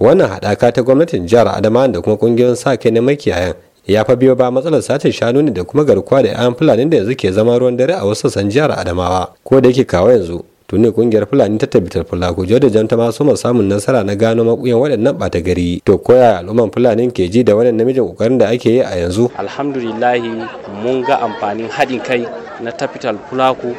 wannan haɗaka ta gwamnatin jihar Adamawa da kuma ƙungiyoyin sa kai na makiyayan ya fa biyo ba matsalar satin shanu ne da kuma garkuwa da 'yan fulani da yanzu ke zama ruwan dare a wasu sassan jihar adamawa ko da yake kawo yanzu tuni kungiyar fulani ta tabbatar fulaku jiya da su ma samun nasara na gano makuyan waɗannan ɓata gari to koya al'umman fulani ke ji da wannan namijin kokarin da ake yi a yanzu alhamdulillahi mun ga amfanin haɗin kai na tafital fulaku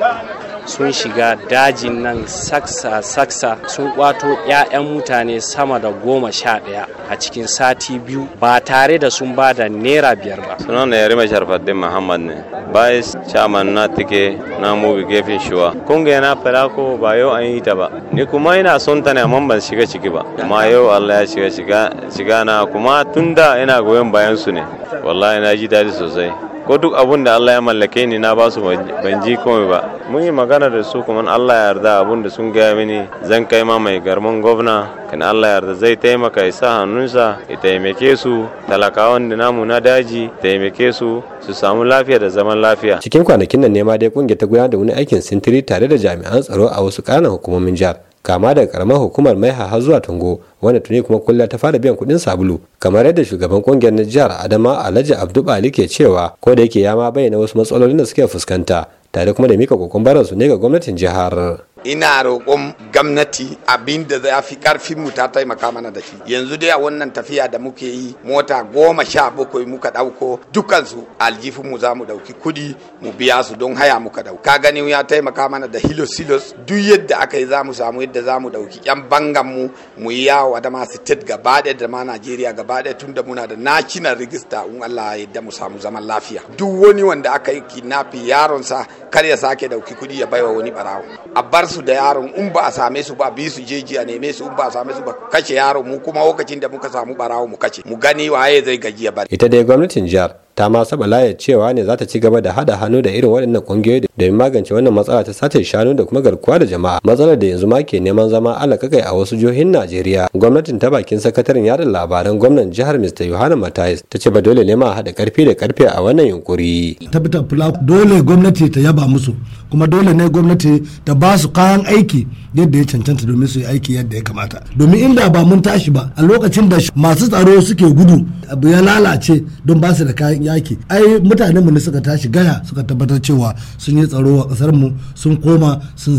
sun shiga dajin nan saksa-saksa sun kwato 'ya'yan mutane sama da goma sha ɗaya a cikin sati biyu ba tare da sun ba da naira biyar ba. sunan na yarima sharfaddin muhammad ne bayis chairman na tike na mubi gefen shiwa yana na ko ba yau an yi ta ba ni kuma ina son ta ne amma ban shiga ciki ba amma yau allah ya shiga shiga na kuma tunda ina goyon bayan su ne wallahi na ji daɗi sosai ko duk abun da Allah ya mallake ni na basu ban ji komai ba mun yi magana da su kuma Allah ya yarda abun da sun gaya mini zan kai ma mai garman gwamna kan Allah ya yarda zai taimaka ya sa hannunsa ya taimake su talakawan da namu na daji taimake su su samu lafiya da zaman lafiya cikin kwanakin nan ne ma dai kungiyar ta gudanar da wani aikin sintiri tare da jami'an tsaro a wasu ƙananan hukumomin jihar kama daga karamar hukumar maiha har zuwa tungo wanda tuni kuma kulla ta fara biyan kuɗin sabulu kamar yadda shugaban kungiyar na jihar adama alhaji abdu ali ke cewa ko da yake ya ma bayyana wasu matsalolin da suke fuskanta tare kuma da mika kokon su ne ga gwamnatin jihar ina roƙon gwamnati abin da za fi karfin mu ta taimaka mana da shi yanzu dai a wannan tafiya da muke yi mota goma sha bakwai muka ɗauko dukansu aljifin mu za mu ɗauki kuɗi mu biya su don haya muka ɗauki. ka gani ya taimaka mana da hilos hilos duk yadda aka yi za mu samu yadda za mu ɗauki yan bangan mu mu yi yawo da dama state gaba ɗaya da ma najeriya gaba ɗaya tun da muna da national register in allah ya yadda mu samu zaman lafiya duk wani wanda aka yi kidnapping yaronsa kar ya sake ɗauki kuɗi ya baiwa wani ɓarawo a bar su da yaron in ba a same su ba bi su jeji a neme su in ba a same su ba kace yaron mu kuma lokacin da muka samu barawo mu kace mu gani waye zai gaji ya bari ita dai gwamnatin jihar ta ma saba layar cewa ne za ta ci gaba da hada hannu da irin waɗannan ƙungiyoyi domin magance wannan matsala ta satar shanu da kuma garkuwa da jama'a matsalar da yanzu ma ke neman zama alakakai a wasu jihohin najeriya gwamnatin ta bakin sakataren yada labaran gwamnan jihar mr yohana matais ta ce ba dole ne ma haɗa karfi da ƙarfe a wannan yunkuri tabbitar fula dole gwamnati ta yaba musu kuma dole ne gwamnati ta ba su kayan aiki yadda ya cancanta domin su yi aiki yadda ya kamata domin inda ba mun tashi ba a lokacin da masu tsaro suke gudu abu ya lalace don ba su da kayan yaki ai mutanen mu ne suka tashi gaya suka tabbatar cewa sun yi tsaro a kasar mu sun koma sun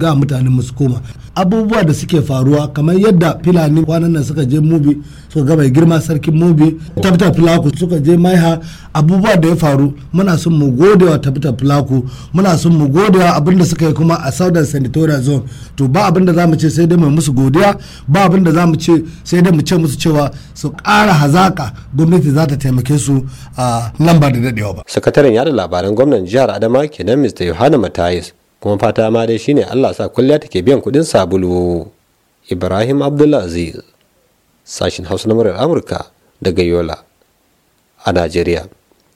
ga mutanen mu su koma abubuwa da suke faruwa kamar yadda filani kwanan nan suka je mubi suka ga mai girma sarkin mubi tabta filaku suka je maiha abubuwa da ya faru muna son mu gode wa tabta filaku muna son mu gode wa abin da suka yi kuma a southern senatorial zone to ba abin da zamu ce sai dai mu musu godiya ba abin da zamu ce sai dai mu ce musu cewa su ƙara hazaka gwamnati za ta taimake su a da dadewa ba sakataren yada labaran gwamnan jihar adama kenan mr yohana matayis kuma fata ma dai shine allah sa kulliya take biyan kudin sabulu ibrahim abdulaziz sashin hausa na amurka daga yola a najeriya